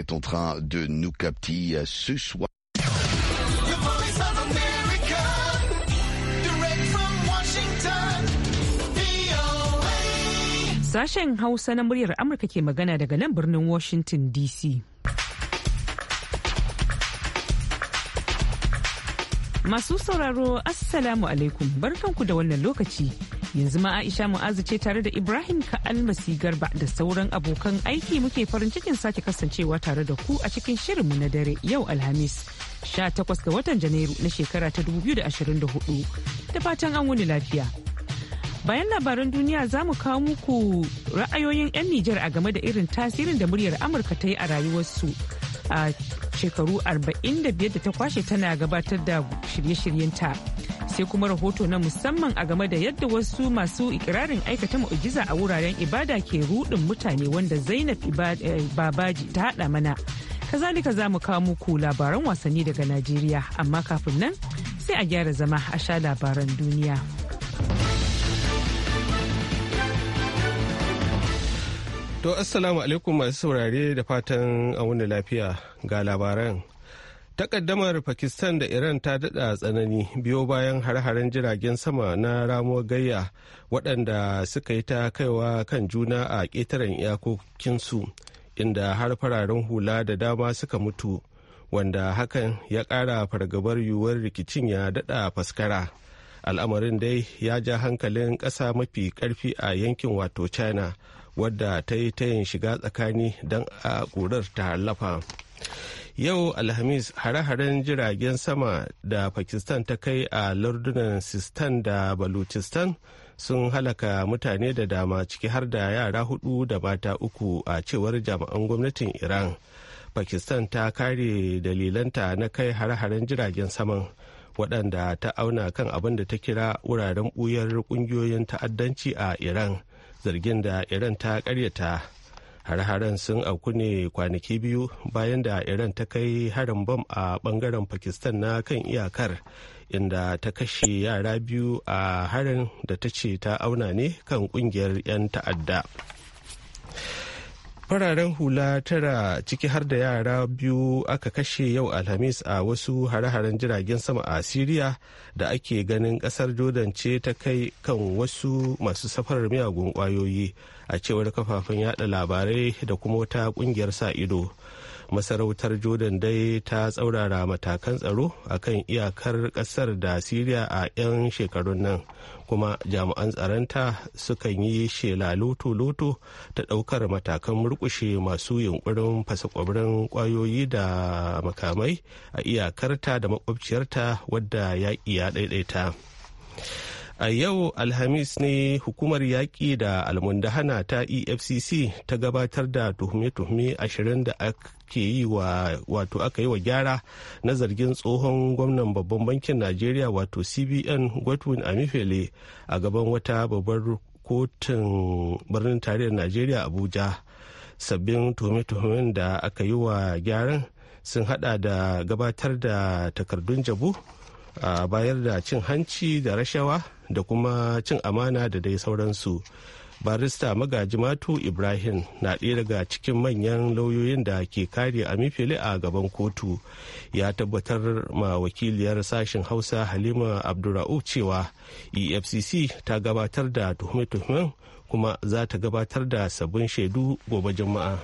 est en train de nous capter ce soir. Sashen Hausa na muryar Amurka ke magana daga nan birnin Washington DC. Masu sauraro, Assalamu alaikum, barkanku da wannan lokaci. Yanzu ma Aisha Mu'azu ce tare da Ibrahim Ka'almasi Garba da sauran abokan aiki muke farin cikin sake kasancewa tare da ku a cikin shirinmu na dare yau Alhamis sha takwas ga watan Janairu na shekara ta 2024. Da fatan an wuni lafiya. Bayan labaran duniya za mu kawo muku ra'ayoyin 'yan Nijar a game da irin tasirin da muryar Amurka ta yi a rayuwarsu. a shekaru 45 da ta kwashe tana gabatar da shirye-shiryenta sai kuma rahoto na musamman a game da yadda wasu masu ikirarin aikata mu'ujiza a wuraren ibada ke rudin mutane wanda zainab eh, babaji ta hada mana kazalika za mu kawo muku labaran wasanni daga najeriya amma kafin nan sai a gyara zama a sha labaran duniya. To assalamu alaikum masu saurare da fatan a wani lafiya ga labaran. Takaddamar Pakistan da Iran ta daɗa tsanani biyo bayan har-haren jiragen sama na ramo gayya waɗanda suka yi ta kaiwa kan juna a ƙetaren iyakokinsu inda har fararen hula da dama suka mutu wanda hakan ya ƙara fargabar yiwuwar rikicin ya daɗa faskara. Al'amarin dai ya ja hankalin ƙasa mafi ƙarfi a yankin wato China. wadda ta yi tayin shiga tsakani don a ƙurar ta halafa yau alhamis hare-haren jiragen sama da pakistan ta kai a lardunan sistan da baluchistan sun halaka mutane da dama ciki har da yara hudu da mata uku a cewar jami'an gwamnatin iran pakistan ta kare dalilanta na kai hare-haren jiragen saman waɗanda ta auna kan abin da ta kira wuraren ɓuyar ƙungiyoyin ta'addanci a iran zargin da iran ta karyata har-haren sun auku ne kwanaki biyu bayan da iran ta kai harin bam a bangaren pakistan na kan iyakar inda ta kashe yara biyu a harin da ta ce ta auna ne kan kungiyar 'yan ta'adda fararen hula tara ciki har da yara biyu aka kashe yau alhamis a wasu hare-haren jiragen sama a siriya da ake ganin kasar jordan ce ta kai kan wasu masu safarar miyagun kwayoyi a cewar kafafen yada labarai da kuma wata kungiyar sa ido masarautar jordan dai ta tsaurara matakan tsaro a kan iyakar kasar da siriya a 'yan shekarun nan kuma jami'an tsaronta sukan yi shela loto-loto ta daukar matakan murkushe masu yunkurin fasakwabrin kwayoyi da makamai a iyakarta da makwabciyarta wadda yaƙi ya daidaita. a yau alhamis ne hukumar yaƙi da almundahana ta efcc ta gabatar da tuhume-tuhume ashirin da ake yi wa wato aka yi wa gyara na zargin tsohon gwamnan babban bankin najeriya wato cbn godwin amifele a gaban wata babbar kotun birnin tarihin najeriya abuja sabbin tuhume-tuhumen da aka yi wa gyaran sun hada da gabatar da takardun jabu a bayar da cin hanci da rashawa da kuma cin amana da dai sauransu barista magaji matu ibrahim na ɗaya daga cikin manyan lauyoyin da ke kare amifili a gaban kotu ya tabbatar ma wakiliyar sashen hausa halima abdurra'uf cewa efcc ta gabatar da tuhume-tuhumen kuma za ta gabatar da sabbin shaidu gobe juma'a.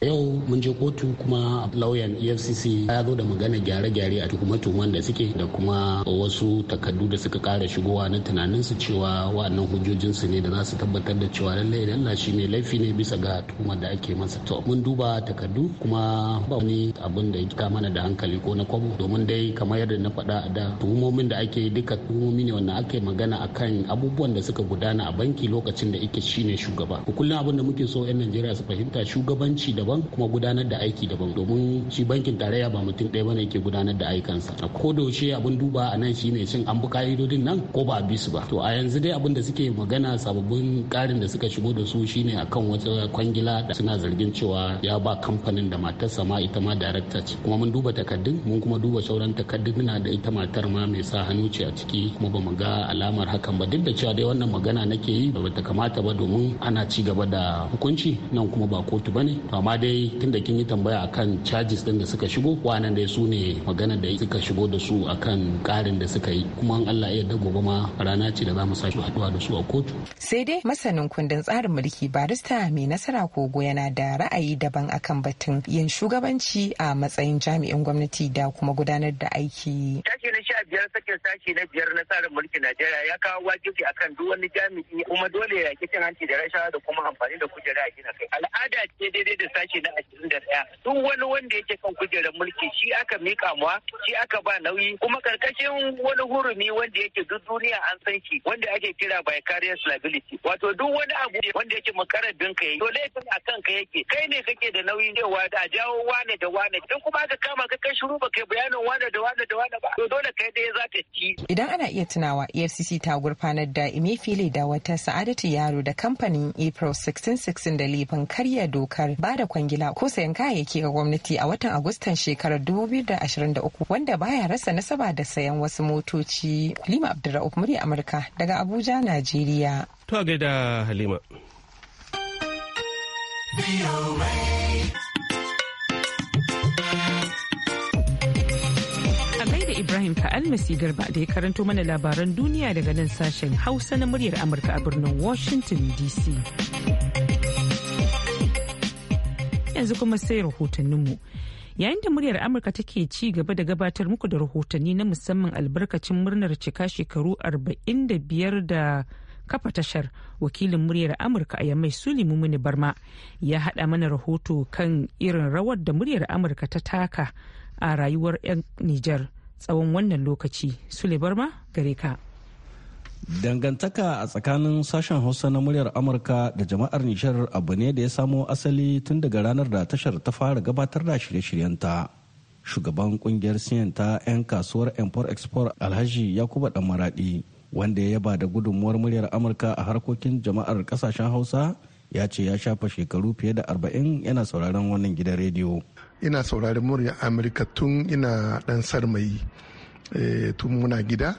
yau mun je kotu kuma lauyan efcc ya zo da magana gyare-gyare a tuhume-tuhumen da suke da kuma wasu takardu da suka kara shigowa na tunanin su cewa wannan hujjojin su ne da za su tabbatar da cewa lallai lallai shi ne laifi ne bisa ga tuhumar da ake masa to mun duba takardu kuma ba wani abin da ya mana da hankali ko na kwabo domin dai kamar yadda na faɗa a da tuhumomin da ake duka tuhumomi ne wanda ake magana akan abubuwan da suka gudana a banki lokacin da ike shine shugaba kullum abin da muke so 'yan najeriya su fahimta shugabanci da daban kuma gudanar da aiki daban domin shi bankin tarayya ba mutum ɗaya bane yake gudanar da aikansa a kodaushe abin duba a nan shine shin an bi ka'idodin nan ko ba a bi su ba to a yanzu dai abin da suke magana sababbin ƙarin da suka shigo da su shine akan wata kwangila da suna zargin cewa ya ba kamfanin da matarsa ma ita ma darakta ce kuma mun duba takaddun mun kuma duba sauran takaddun da ita matar ma mai sa hannu ce a ciki kuma ba mu ga alamar hakan ba duk da cewa dai wannan magana nake yi ba ta kamata ba domin ana ci gaba da hukunci nan kuma ba kotu bane to amma dai tunda kin yi tambaya akan charges din da suka shigo wannan dai su ne magana da suka shigo da su akan karin da suka yi kuma an Allah ya gobe ma rana ce da za mu sake haduwa da su a kotu sai dai masanin kundin tsarin mulki barista mai nasara kogo yana da ra'ayi daban akan batun yin shugabanci a matsayin jami'in gwamnati da kuma gudanar da aiki sashi na sha biyar sakin sashi na biyar na tsarin mulki Najeriya ya kawo wajibi akan duk wani jami'i kuma dole ya cin hanci da rashawa da kuma amfani da kujera a gina kai al'ada ce daidai da sashi sashe na ashirin da ɗaya duk wani wanda yake kan kujerar mulki shi aka mika muwa shi aka ba nauyi kuma karkashin wani hurumi wanda yake duk duniya an san shi wanda ake kira vicarious liability wato duk wani abu wanda yake mukarrabin ka to laifin a kanka yake kai ne kake da nauyin wa da jawo wane da wane idan kuma aka kama ka kai shiru ba kai bayanin wane da wane da wane ba to dole kai dai za ta ci idan ana iya tunawa EFCC ta gurfanar da fili da wata sa'adatu yaro da kamfanin April 1616 da laifin karya dokar ba da kwangila ko sayan kayayyaki ga gwamnati a watan Agustan shekarar 2023 wanda baya rasa nasaba da sayan wasu motoci. Halima Abdulra'uf murya Amurka daga Abuja, Najeriya. To a gaida Halima. Ibrahim Ka'almasi Garba da ya karanto mana labaran duniya daga nan sashen Hausa na muryar Amurka a birnin Washington DC. yanzu kuma sai rahotanninmu. Yayin da muryar Amurka take ci gaba da gabatar muku da rahotanni na musamman albarkacin murnar cika shekaru 45 da kafa tashar wakilin muryar Amurka a yammai Sulimu Mini Barma ya haɗa mana rahoto kan irin rawar da muryar Amurka ta taka a rayuwar 'yan Nijar tsawon wannan lokaci. Sule Barma gare ka. Dangantaka a tsakanin sashen Hausa na muryar Amurka da jama'ar Nishar abu ne da ya samo asali tun daga ranar da tashar ta fara gabatar da shirye-shiryenta. Shugaban kungiyar siyan ta 'yan kasuwar Empor Export Alhaji Yakuba Damaradi wanda ya yaba da gudunmuwar muryar Amurka a harkokin jama'ar kasashen Hausa ya ce ya shafa shekaru fiye da arba'in yana sauraron wannan gidan rediyo. Ina sauraron muryar Amurka tun ina ɗan sarmayi eh, tun muna gida.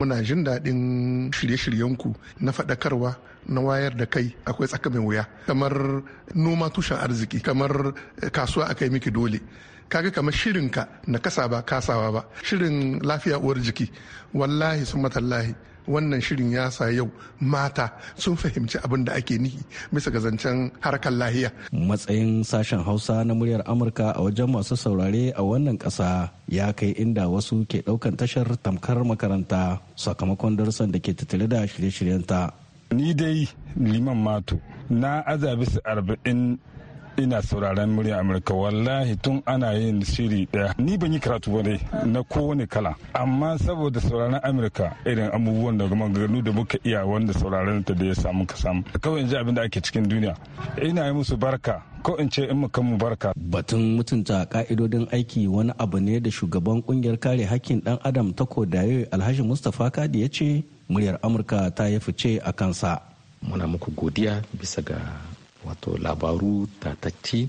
muna jin daɗin shirye-shiryenku na faɗakarwa na wayar da kai akwai tsaka mai wuya kamar noma tushen arziki kamar eh, kasuwa akai miki dole kaga kamar shirinka na kasa ba kasawa ba shirin lafiya uwar jiki wallahi sun matallahi wannan shirin ya sa yau mata sun fahimci abin da ake nihi bisa ga zancen harkar lahiya matsayin sashen hausa na muryar amurka a wajen masu saurare a wannan ƙasa ya kai inda wasu ke ɗaukan tashar tamkar makaranta sakamakon darussan da ke tattare da shirye-shiryenta ni dai liman mato na azabi su arba'in ina sauraron murya amurka wallahi tun ana yin shiri daya ni ban yi karatu ba dai na kowane kala amma saboda sauraron amurka irin abubuwan da ganu da muka iya wanda sauraron ta da ya samu ka samu kawai in ji abin da ake cikin duniya ina yi musu barka ko in ce in mu barka batun mutunta ka'idodin aiki wani abu ne da shugaban kungiyar kare hakkin dan adam ta kodaye alhaji mustapha kadi ya ce muryar amurka ta yi fice a kansa muna muku godiya bisa ga wato labaru tatacci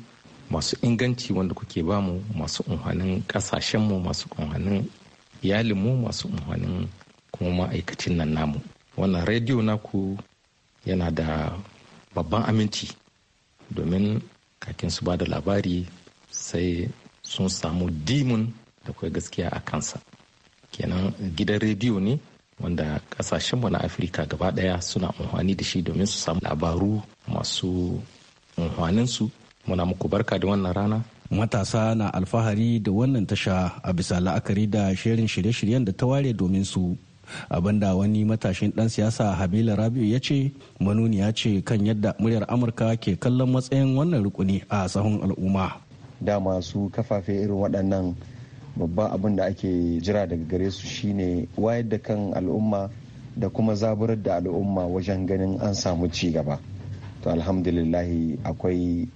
masu inganci wanda kuke bamu masu unhanin kasashenmu masu unhanin iyalinmu masu unhanin kuma ma'aikacin nan namu wannan rediyo naku yana da babban aminci domin kakin su ba da labari sai sun samu dimun da kai gaskiya a kansa kenan gidan rediyo ne wanda kasashenmu na afirka gaba daya suna amfani da shi domin su samu labaru masu amfaninsu muna muku barka da wannan rana matasa na alfahari da wannan tasha a bisa la'akari da shirin shirye-shiryen da ta ware domin su abinda wani matashin dan siyasa habila rabiu ya ce manuniya ce kan yadda muryar amurka ke kallon matsayin wannan rukuni a sahun al'umma da masu kafafe irin waɗannan babban abin da ake jira daga gare su shine wayar da kan al'umma da kuma zaburar da al'umma wajen ganin an samu ci gaba to alhamdulillahi akwai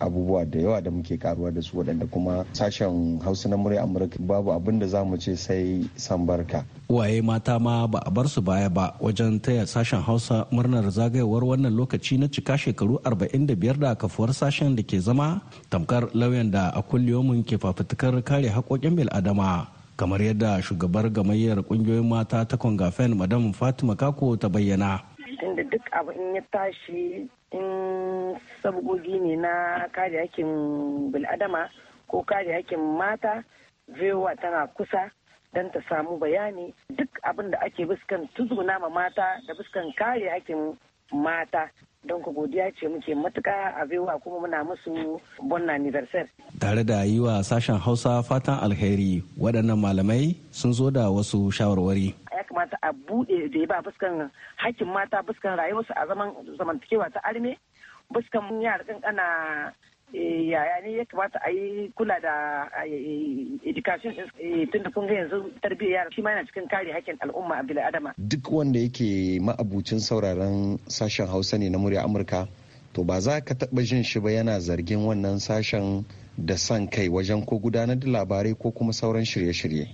abubuwa da yawa da muke karuwa da su waɗanda kuma sashen hausa na murya amurka babu abin da za mu ce sai san barka waye mata ma ba a bar su baya ba wajen taya sashen hausa murnar zagayowar wannan lokaci na cika shekaru 45 da kafuwar sashen da ke zama tamkar lauyan da a kulliyomin ke fafutukar kare haƙoƙin bil adama kamar yadda shugabar gamayyar ƙungiyoyin mata ta kongafen madam fatima kako ta bayyana tunda duk abu in ya tashi in sabgogi ne na kare hakkin bil'adama ko kare hakkin mata vewa tana kusa don ta samu bayani duk abin da ake buskan tuzuna ma mata da buskan kare hakkin mata don ku godiya ce muke matuka a vewa kuma muna musu bon anniversaire. Tare da yi wa sashen Hausa fatan alheri waɗannan malamai sun zo da wasu shawarwari. kamata a buɗe da ya ba fuskan hakkin mata fuskan rayuwarsu a zaman zamantakewa ta arme fuskan yara kankana eh, yaya ne ya kamata a yi kula da eh, education eh, tun da kun ga yanzu tarbiyyar yara shi ma yana cikin kare hakkin al'umma a bil'adama. Duk wanda yake ma'abucin sauraron sashen Hausa ne na murya Amurka to ba za ka taba jin shi ba yana zargin wannan sashen da san kai wajen ko gudanar da labarai ko kuma sauran shirye-shirye.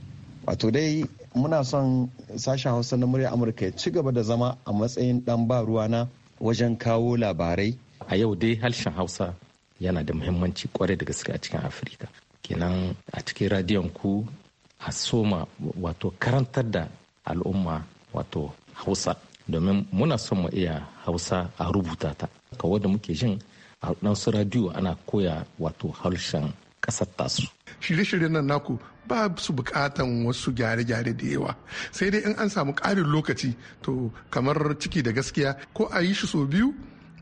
Wato dai muna son sashen hausa na murya amurka ya ci gaba da zama a matsayin dan ba ruwana wajen kawo labarai a yau dai harshen hausa yana da muhimmanci kwarai da gaske a cikin afirka kenan a cikin radiyon ku a soma wato karantar da al'umma wato hausa domin muna son mu iya hausa a rubuta ta kawo da muke jin a ɗansu radiyo ana koya wato harshen ƙasar tasu shirye-shiryen nan naku ba su bukatan wasu gyare-gyare da yawa sai dai in an samu ƙarin lokaci to kamar ciki da gaskiya ko a yi shi sau biyu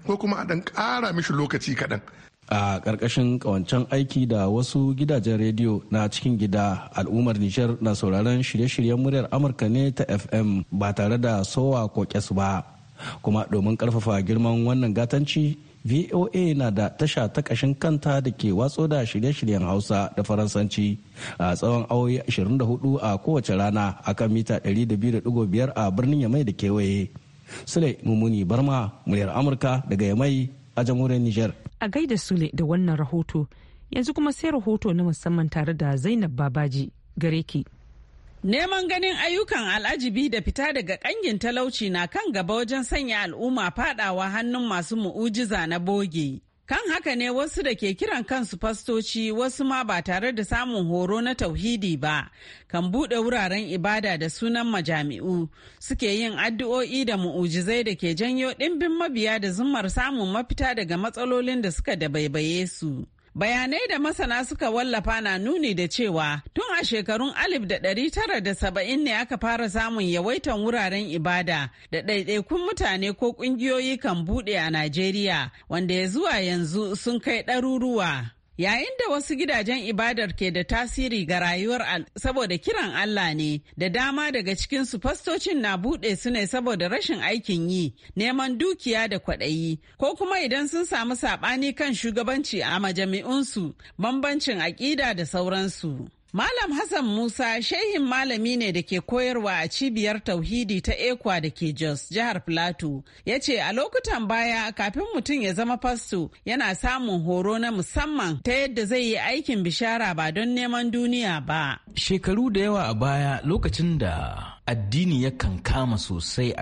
ko kuma a dan ƙara mishi lokaci kaɗan a ƙarƙashin ƙawancen aiki da wasu gidajen rediyo na cikin gida al'ummar nijar na sauraron shirye-shiryen muryar amurka ne ta fm ba tare da sowa ko kyas ba kuma domin ƙarfafa girman wannan gatanci voa na da tasha ta kashin kanta da ke watso da shirye-shiryen hausa da faransanci a tsawon awoyi 24 a kowace rana a kan mita 200.5 a birnin yamai da kewaye sule mummuni barma muryar amurka daga yamai a jamhuriyar niger a gaida sule da wannan rahoto yanzu kuma sai rahoto na musamman tare da zainab babaji gareki. Neman ganin ayyukan al'ajibi da fita daga ƙangin talauci na kan gaba wajen sanya al'umma fadawa hannun masu mu'ujiza na boge. Kan haka ne wasu da ke kiran kansu fastoci wasu ma ba tare da samun horo na tauhidi ba, kan buɗe wuraren ibada da sunan majami'u suke yin addu'o'i da mu'ujizai da ke janyo ɗimbin mabiya da zumar samun mafita daga matsalolin da suka dabaibaye su. Bayanai da masana suka wallafa na nuni da cewa tun a shekarun 1970 ne aka fara samun yawaitan wuraren ibada da ɗaiɗaikun mutane ko ƙungiyoyi kan buɗe a Najeriya wanda ya zuwa yanzu sun kai ɗaruruwa. Yayin da wasu gidajen ibadar ke da tasiri ga rayuwar saboda kiran Allah ne, da dama daga cikinsu fastocin na buɗe su ne saboda rashin aikin yi, neman dukiya da kwaɗayi, ko kuma idan sun samu saɓani kan shugabanci a majami'unsu, bambancin aƙida da sauransu. Malam Hassan Musa shehin malami ne da ke koyarwa a cibiyar tauhidi ta Ekwa da ke Jos, jihar Plateau. Ya ce a lokutan baya kafin mutum ya zama fasto yana samun horo na musamman ta yadda zai yi aikin bishara ba don neman duniya ba. Shekaru da yawa a baya lokacin da addini yakan kama sosai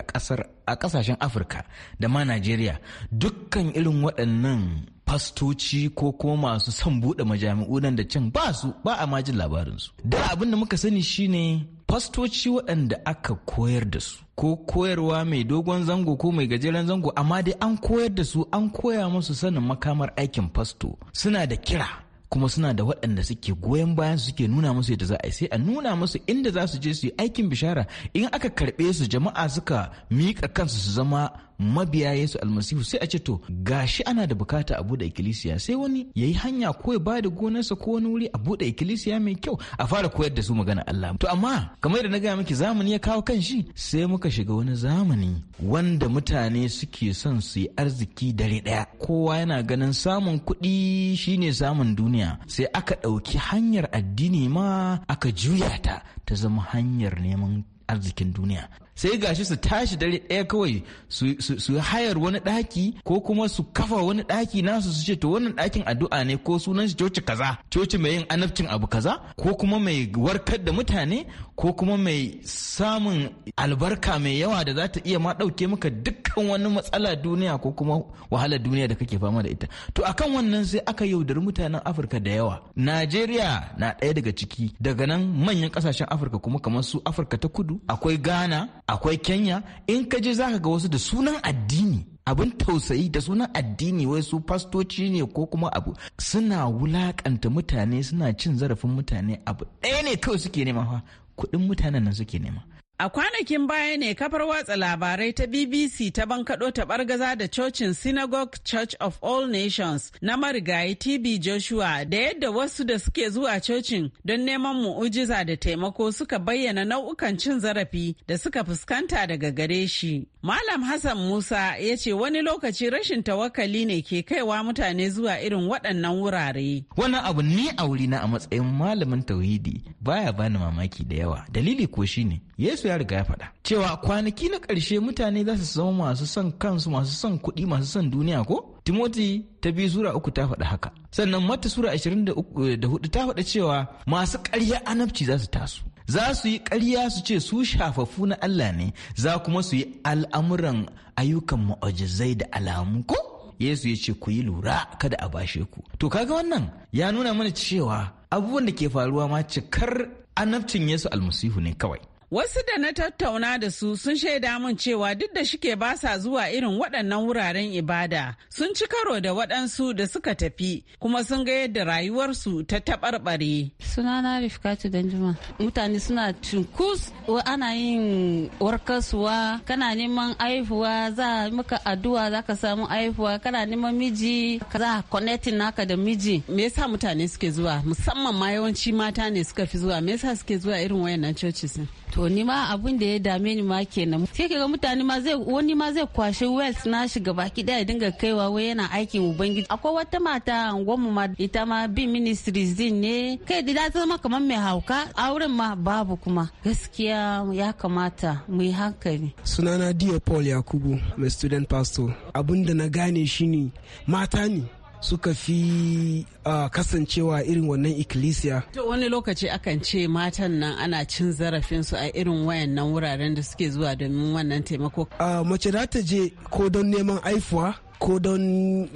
a kasashen afirka da ma najeriya dukkan irin waɗannan fastoci ko kuma masu son buɗe majami'u nan da can ba su ba a majin labarinsu da abin da muka sani shine fastoci waɗanda aka koyar da su ko koyarwa mai dogon zango ko mai gajeren zango amma dai an koyar da su an koya musu sanin makamar aikin fasto suna da kira kuma suna da waɗanda suke goyon bayan suke nuna musu yadda za a yi sai a nuna musu inda za su je su yi aikin bishara in aka karɓe su jama'a suka miƙa kansu su zama mabiya Yesu almasihu sai a ce to gashi ana da bukata a buɗe ikkilisiya sai wani ya yi hanya ko ya ba da gonarsa ko wani wuri a buɗe ikkilisiya mai kyau a fara koyar da su magana Allah to amma kamar yadda na gaya miki zamani ya kawo kan shi sai muka shiga wani zamani wanda mutane suke son su yi arziki dare ɗaya kowa yana ganin samun kuɗi shine samun duniya sai aka ɗauki hanyar addini ma aka juya ta ta zama hanyar neman arzikin duniya sai gashi su tashi dare ɗaya kawai su hayar wani ɗaki ko kuma su kafa wani ɗaki nasu su ce to wannan ɗakin addu'a ne ko sunan shi coci kaza coci mai yin anabcin abu kaza ko kuma mai warkar da mutane ko kuma mai samun albarka mai yawa da za ta iya ma ɗauke maka dukkan wani matsala duniya ko kuma wahalar duniya da kake fama da ita to akan wannan sai aka yaudari mutanen afirka da yawa najeriya na ɗaya daga ciki daga nan manyan ƙasashen afirka kuma kamar su afirka ta kudu akwai ghana akwai kenya in ka je zaka ga wasu da sunan addini abin tausayi da sunan addini wai su fastoci ne ko kuma abu suna wulakanta mutane suna cin zarafin mutane abu ɗaya ne kawai suke nema fa kuɗin mutanen nan suke nema A kwanakin baya ne kafar watsa labarai ta BBC ta bankaɗo taɓargaza da cocin Synagogue Church of All Nations na marigayi TB Joshua da yadda wasu da suke zuwa cocin don neman mu'ujiza da taimako suka bayyana nau'ukan cin zarafi da suka fuskanta daga gare shi. Malam Hassan Musa ya ce wani lokaci rashin tawakali ne ke kaiwa mutane zuwa irin waɗannan wurare. Wani abu ni a wurina a matsayin malamin tauhidi baya bani mamaki da yawa. Dalili ko shine Yesu ya riga ya faɗa. Cewa kwanaki na ƙarshe mutane za su zama masu son kansu, masu son kuɗi, masu son duniya ko? Timoti ta biyu sura uku ta faɗi haka. Sannan mata sura ashirin da hudu ta faɗa cewa masu ƙarya anabci za su tasu. za su yi ƙarya su ce su shafafu na Allah ne za kuma su yi al'amuran ayyukan ma'ajizai da alamu ko Yesu ya ce ku yi lura kada a bashe ku to kaga wannan ya nuna mana cewa abubuwan da ke faruwa ma cikar annabcin Yesu almasihu ne kawai Wasu da na tattauna da su sun shaida mun cewa duk da shike ba sa zuwa irin waɗannan wuraren ibada sun ci karo da waɗansu da suka tafi kuma sun ga yadda rayuwarsu ta taɓarɓare. na Rifkatu Danjuma. Mutane suna cunkus ana yin warkaswa kana neman aihuwa za maka addu'a za ka samu aihuwa kana neman miji za connecting naka da miji. Me yasa mutane suke zuwa musamman ma yawanci mata ne suka fi zuwa me yasa suke zuwa irin wayannan coci to ni ma abin da ya dame ni ma kenan sai kaga mutane ma zai wani ma zai kwashe wealth na shi gaba ki daya dinga kaiwa wai yana aikin ubangiji akwai wata mata gwamu ma ita ma bin ministry din ne kai da ta zama kamar mai hauka auren ma babu kuma gaskiya ya kamata mu yi hankali sunana dia paul yakubu mai student pastor abin da na gane shi ne, mata ne suka fi uh, kasancewa irin wannan ikkilisiya. To wani lokaci akan ce matan nan ana cin zarafin su a irin wayannan wuraren da suke zuwa domin wannan taimako. Uh, mace za ta je ko don neman aifuwa ko don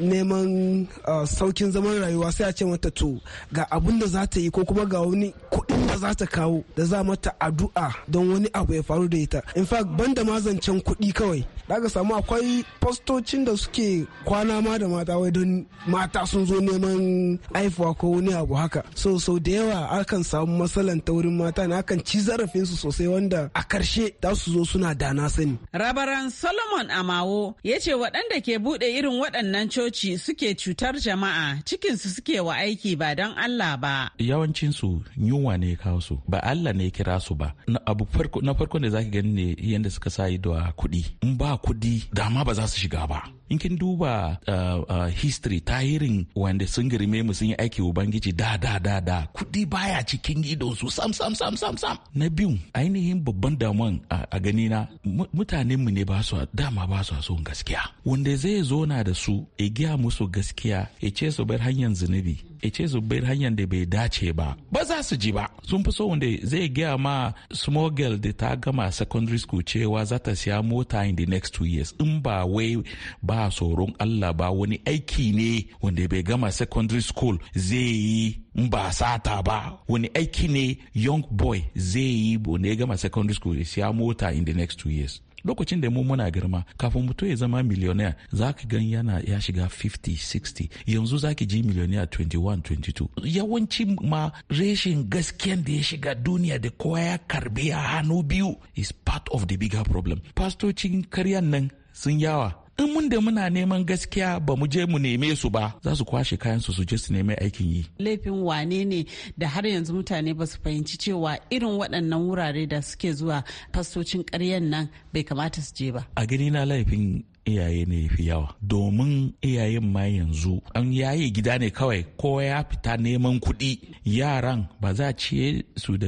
neman uh, saukin zaman rayuwa sai a ce mata to ga abin da za ta yi ko kuma ga wani kuɗin da za ta kawo da za mata addu'a don wani abu ya faru da ita in fact banda da mazancen kuɗi kawai daga samu akwai fastocin da suke kwana ma da mata wai don mata sun zo neman aifuwa ko wani abu haka so sau da yawa akan samu matsalan wurin mata na akan ci zarafin su sosai wanda a karshe za su zo suna dana sani rabaran solomon amawo ya ce waɗanda ke buɗe irin waɗannan coci suke cutar jama'a cikinsu suke wa aiki ba don Allah ba. Yawancinsu yunwa ne ya kawo su ba Allah ne ya kira su ba. Na abu farko na farko da zaki gani ne yadda suka sa ido a kuɗi. In ba kuɗi dama ba za su shiga ba. in kin duba uh, uh, history tahirin wanda sun girme mu sun yi aiki ubangiji da da da da kudi baya cikin idon su sam sam sam sam sam na biyu ainihin babban damuwan a gani na mutanen mu ne ba su dama ba su son gaskiya wanda zai zo na da su ya giya musu gaskiya ya ce su bar hanyar zunubi ya ce su bar hanyar da bai dace ba ba za su ji ba sun fi so wanda zai gaya ma small girl da ta gama secondary school cewa za ta siya mota in the next two years in ba wai ba ba tsoron Allah ba wani aiki ne wanda bai gama secondary school zai yi ba sata ba wani aiki ne young boy zai yi wanda ya gama secondary school ya siya mota in the next two years lokacin da mu muna girma kafin mutum ya zama miliyoniya za ka gan yana ya shiga 50 60 yanzu za ki ji miliyoniya 21 22 yawanci ma reshin gaskiyan da ya shiga duniya da kowa ya karbe a hannu biyu is part of the bigger problem pastocin karyan nan sun yawa in mun da muna neman gaskiya ba mu je mu neme su ba za su kwashe kayan su je su neme aikin yi laifin wane ne da har yanzu mutane ba su fahimci cewa irin waɗannan wurare da suke zuwa fastocin ƙaryan nan bai kamata su je ba a gani na laifin iyaye ne fi yawa domin iyayen ma yanzu an yaye gida ne kawai ko ya fita neman kuɗi yaran ba za ciye su da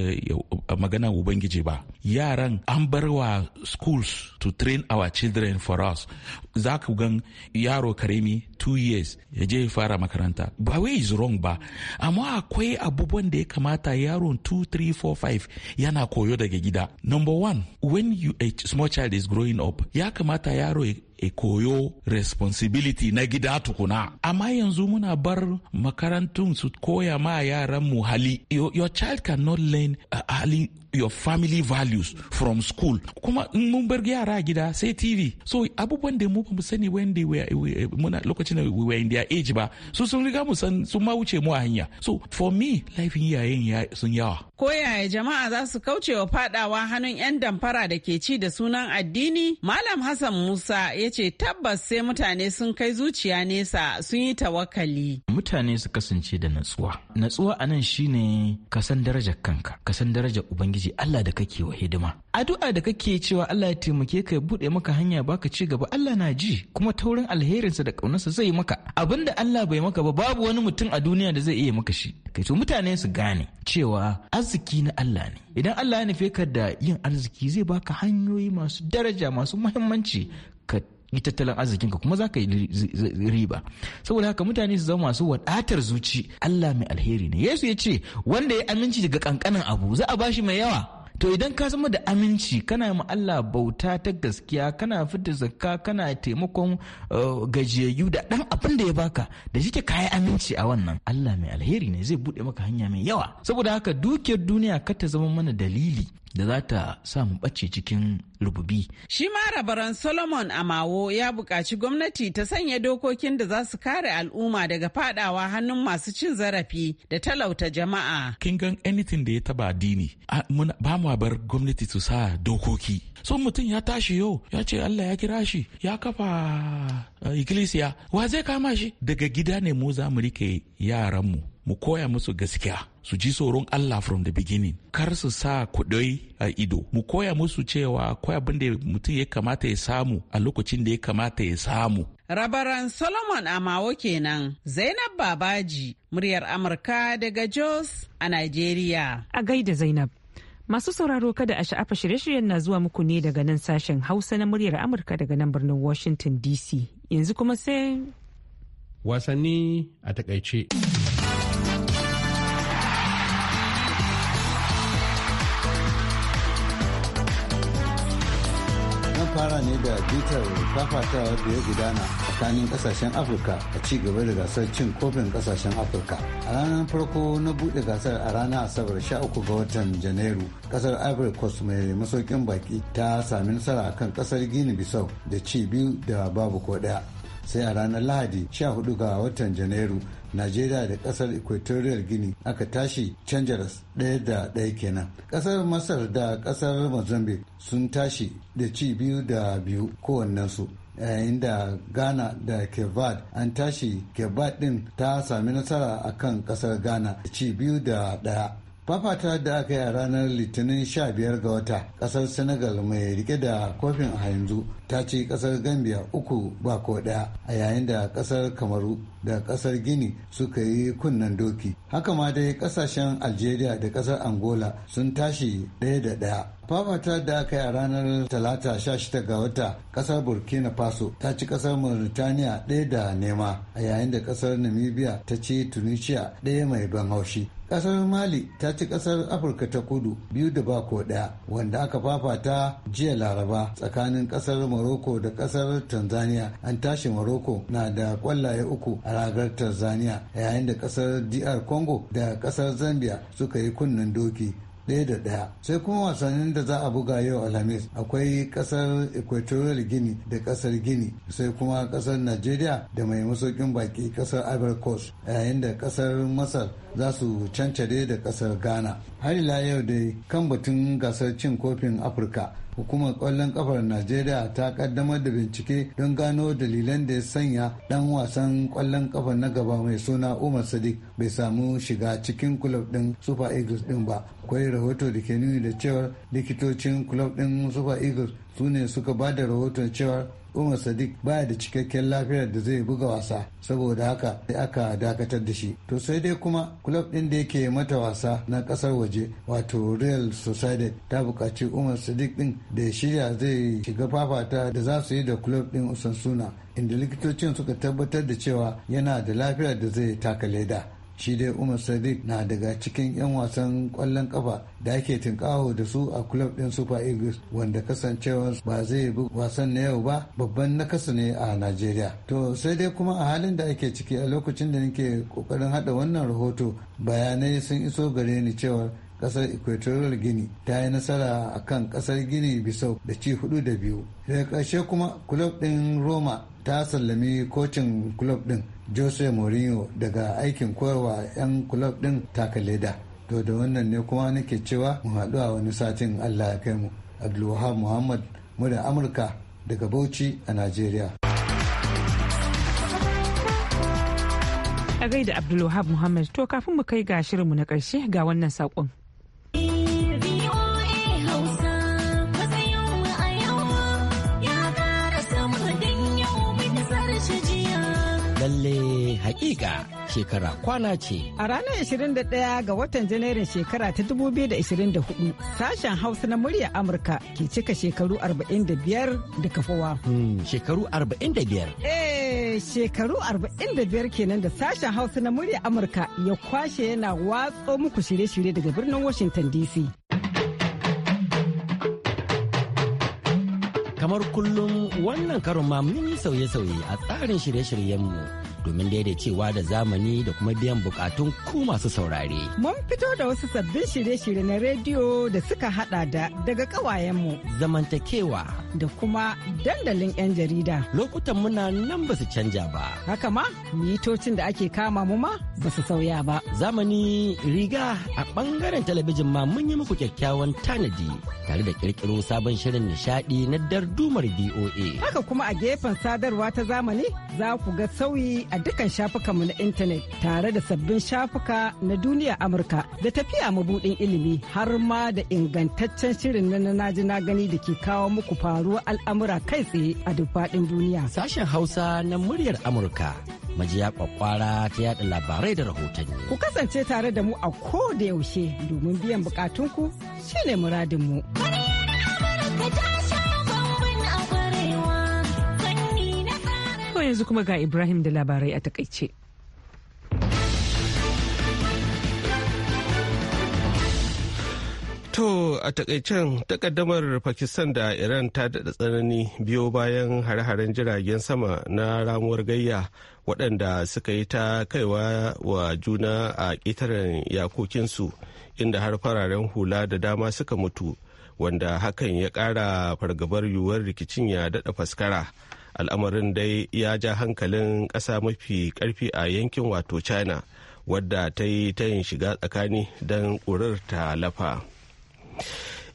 magana ubangiji ba yaran an bar wa schools to train our children for us za ku gan yaro karimi two years ya je fara makaranta ba wai is wrong ba amma akwai abubuwan da ya kamata yaron 2 3 4 5 yana koyo daga gida number one when you a small child is growing up ya kamata yaro e koyo responsibility na gida tukuna amma yanzu muna bar makarantun su koya ma yaran mu hali your, your child cannot learn uh, hali your family values from school kuma in mun bar yara gida sai tv so abubuwan da mu mu sani when they were muna lokacin da we were in their age ba su sun riga mu san sun ma wuce mu a hanya so for me life laifin iyayen sun yawa koyaya jama'a za su kauce wa fadawa hannun 'yan damfara da ke ci da sunan addini malam hassan musa ya ce tabbas sai mutane sun kai zuciya nesa sun yi tawakali mutane su kasance da natsuwa natsuwa a nan shine kasan san darajar kanka ka darajar ubangiji allah da kake wa hidima addu'a da kake cewa Allah ya taimake ka ya bude maka hanya baka ci gaba Allah na ji kuma taurin alherinsa da kaunarsa zai maka abinda Allah bai maka ba babu wani mutum a duniya da zai iya maka shi kai to mutane su gane cewa arziki na Allah ne idan Allah ya nufe ka da yin arziki zai baka hanyoyi masu daraja masu muhimmanci ka yi tattalin arzikinka kuma za ka yi riba saboda haka mutane su zama masu wadatar zuci Allah mai alheri ne Yesu ya ce wanda ya aminci daga kankanin abu za a bashi mai yawa to idan ka zama da aminci kana ma Allah bauta ta gaskiya kana fita zakka kana taimakon uh, gajiyayyu da dan abin da ya baka da shike kayi aminci a wannan Allah mai alheri ne zai bude maka hanya mai yawa saboda haka dukiyar duniya ka ta zama mana dalili da za ta sa mu ɓace cikin rububi. Shi ma rabaran Solomon Amawo ya buƙaci gwamnati ta sanya dokokin da za su kare al'umma daga fadawa hannun masu cin zarafi da talauta jama'a. Kin gan anything da ya taba dini ba mu bar gwamnati su sa dokoki. So mutum ya tashi yau ya ce Allah ya kira shi ya kafa uh, ikkilisiya wa zai kama shi daga gida ne mu zamu mu yaran mu. mu koya musu gaskiya su ji tsoron Allah from the beginning kar su sa kudai a ido mu koya musu cewa akwai abin da mutum ya kamata ya samu a lokacin da ya kamata ya samu Rabaran Solomon Amawo kenan Zainab Babaji muryar Amurka daga Jos a nigeria. a gaida Zainab Masu sauraro kada a sha'afa shirye-shiryen na zuwa muku ne daga nan sashen Hausa na muryar Amurka daga nan birnin Washington DC yanzu kuma sai wasanni a takaice. fara ne da bitar fafatawa da ya gudana tsakanin kasashen afirka a ci gaba da gasar cin kofin kasashen afirka a ranar farko na bude gasar a ranar asabar 13 ga watan janairu kasar ivory coast mai masaukin baki ta sami nasara akan kasar guinea bissau da ci biyu da babu ko daya sai a ranar lahadi 14 ga watan janairu najeriya da kasar equatorial guinea aka tashi canjaras ɗaya da ɗaya kenan kasar masar da kasar mozambique sun tashi da ci biyu da biyu kowannensu yayin da ghana da kevad an tashi kevad din ta sami nasara akan kasar ghana ci biyu da ɗaya fafata da aka yi a ranar litinin 15 ga wata kasar senegal mai rike da kofin a yanzu ta ci kasar gambia uku ba ko daya a yayin da kasar kamaru da kasar gini suka yi kunnen doki haka ma dai kasashen algeria da kasar angola sun tashi daya da daya fafata da aka yi a ranar talata 16 ga wata kasar burkina faso ta ci kasar mauritania daya da nema a yayin da kasar namibia ta ci tunisia daya mai ban haushi Ƙasar mali ta ci ƙasar afirka ta kudu biyu da bako ɗaya, wanda aka fafata jiya laraba tsakanin ƙasar morocco da ƙasar tanzania an tashi morocco na da ƙwallaye uku a ragar tanzania yayin da ƙasar dr congo da ƙasar zambia suka yi kunnen doki daya da ɗaya sai kuma wasannin da za a buga yau alhamis akwai ƙasar equatorial Gini da ƙasar Gini, sai kuma ƙasar nigeria da mai masaukin baki ƙasar ivory coast yayin da ƙasar masar za su cancare da kasar ghana har ila yau dai kan batun gasar cin kofin afirka hukumar kwallon kafar najeriya ta kaddamar da bincike don gano dalilan da ya sanya dan wasan kwallon kafa na gaba mai suna umar sadiq bai samu shiga cikin kulob din super eagles din ba akwai rahoto da ke nuni da cewar likitocin kulob din super eagles su ne suka ba da rahoton cewar umar sadiq baya da cikakken lafiyar da zai buga wasa saboda haka sai aka dakatar da shi to sai dai kuma kulob ɗin da yake mata wasa na ƙasar waje wato real society ta buƙaci umar sadiq ɗin da shirya zai shiga fafata da za su yi da kulob din usansuna inda likitocin suka tabbatar da cewa yana da lafiyar da zai taka leda shi dai umar sadiq na daga cikin 'yan wasan kwallon kafa da ake tinkaho da su a club din super eagles wanda kasancewar ba zai bi wasan na yau ba babban nakasa ne a najeriya to sai dai kuma a halin da ake ciki a lokacin da nake kokarin hada wannan rahoto bayanai sun iso gare ni cewa kasar equatorial guinea ta yi nasara a kan kasar guinea bisau da ci hudu da biyu daga ƙarshe kuma kulob ɗin roma ta sallami kocin kulob din jose mourinho daga aikin koyarwa 'yan kulob din takaleda to da wannan ne kuma nake cewa mu haɗu a wani satin allah ya kai mu abdulwahab muhammad muda amurka daga bauchi a nigeria a gaida abdulwahab muhammad to kafin mu kai ga shirinmu na ƙarshe ga wannan saƙon haƙiƙa shekara kwana ce. A ranar 21 ga watan Janairun shekara ta 2024 sashen Hausa na murya Amurka ke cika shekaru 45 da kafawa. Hmm, shekaru 45? Eh shekaru 45 kenan da sashen Hausa na murya Amurka ya kwashe yana watso muku shirye-shirye daga birnin Washington DC. kamar kullum wannan karon ma mun yi sauye-sauye a tsarin shirye-shiryenmu domin daidaicewa da zamani da kuma biyan bukatun ku masu saurare. Mun fito da wasu sabbin shirye-shirye na rediyo da suka hada da daga kawayenmu. Zamantakewa. Da kuma dandalin 'yan jarida. Lokutan muna nan ba su canja ba. Haka ma, mitocin da ake kama mu ma ba su sauya ba. Zamani riga a bangaren talabijin ma mun yi muku kyakkyawan tanadi tare da kirkiro sabon shirin nishadi na dardumar BOA. Haka kuma a gefen sadarwa ta zamani za ku ga sauyi a dukkan shafukanmu na intanet tare da sabbin shafuka na duniya Amurka da tafiya mabudin ilimi har ma da ingantaccen shirin na naji na gani da ke kawo muku faruwa al'amura kai tsaye a duk faɗin duniya. Sashen Hausa na muryar Amurka. Majiya kwakwara ta yada labarai da rahotanni. Ku kasance tare da mu a ko da yaushe domin biyan bukatunku shine muradinmu. Muryar Amurka To yanzu kuma ga Ibrahim da labarai a takaice. To a takaicen takaddamar Pakistan da Iran ta daɗa tsanani biyo bayan hare-haren jiragen sama na ramuwar gayya waɗanda suka yi ta kaiwa wa juna a ƙetaren yakokinsu inda har fararen hula da dama suka mutu wanda hakan ya ƙara fargabar yiwuwar rikicin ya daɗa faskara. al'amarin dai ya ja hankalin ƙasa mafi ƙarfi a yankin wato china wadda ta yi tayin shiga tsakani don ƙurar ta lafa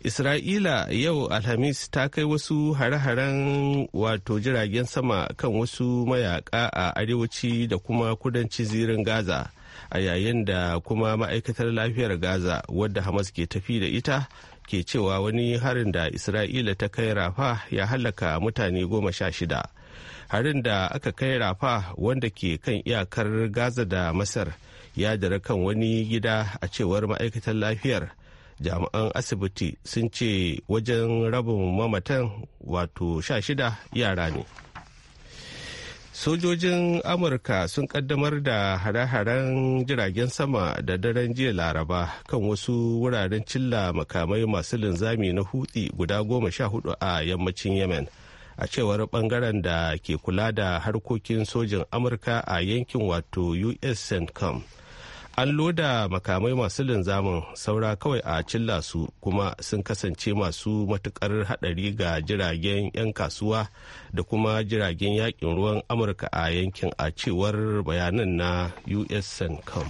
isra'ila yau alhamis ta kai wasu hare-haren wato jiragen sama kan wasu mayaƙa a arewaci da kuma kudanci zirin gaza a yayin da kuma ma'aikatar lafiyar gaza wadda hamas ke tafi da ita ke cewa wani harin da isra'ila ta kai rafa ya halaka mutane goma sha shida harin da aka kai rafa wanda ke kan iyakar gaza da masar ya dara kan wani gida a cewar ma'aikatan lafiyar jami'an asibiti sun ce wajen rabin mamatan wato sha shida yara ne sojojin amurka sun kaddamar da hare-haren jiragen sama da daren jiya laraba kan wasu wuraren cilla makamai masu linzami na hutsi guda goma sha hudu a yammacin yemen a cewar bangaren da ke kula da harkokin sojin amurka a yankin wato us centcom an loda makamai masu linzamin saura kawai a cilla su kuma sun kasance masu matukar hadari ga jiragen 'yan kasuwa da kuma jiragen yakin ruwan amurka a yankin a cewar bayanan na us cencom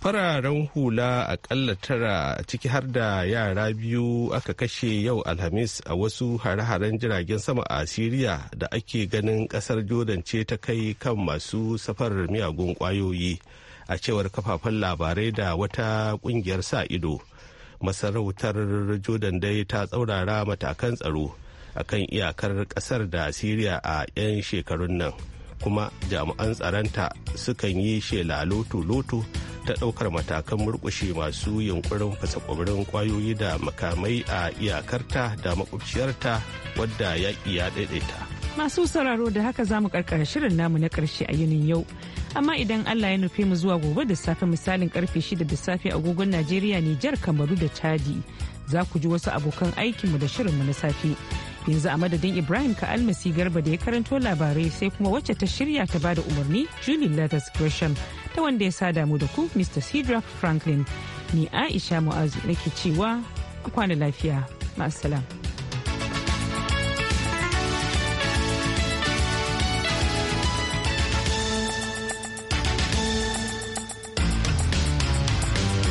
fararen hula akalla tara ciki har da yara biyu aka kashe yau alhamis a wasu hare-haren jiragen sama a siriya da ake ganin kasar jordan ce ta kai kan masu safarar miyagun kwayoyi a cewar kafafen labarai da wata kungiyar sa ido masarautar jordan dai ta tsaurara matakan tsaro akan iyakar kasar da siriya a 'yan shekarun nan kuma jami'an tsaronta sukan yi shela loto-loto ta ɗaukar matakan murƙushe masu yunkurin fasa kwabirin kwayoyi da makamai a iyakarta da makwabciyarta wadda yaƙi ya daidaita. Masu sauraro da haka za mu karkara shirin namu na ƙarshe a yinin yau. Amma idan Allah ya nufe mu zuwa gobe da safe misalin karfe shida da safe agogon Najeriya Nijar Kamaru da Chadi za ku ji wasu abokan aikinmu da shirin mu na safe. yanzu a madadin ibrahim ka almasi garba da ya karanto labarai sai kuma wacce ta shirya ta bada umarni julie lathers gresham ta wanda ya sada mu da ku Mr. Cedric Franklin. Ni Aisha Mu'azu nake cewa kwana lafiya. Ma'asalam.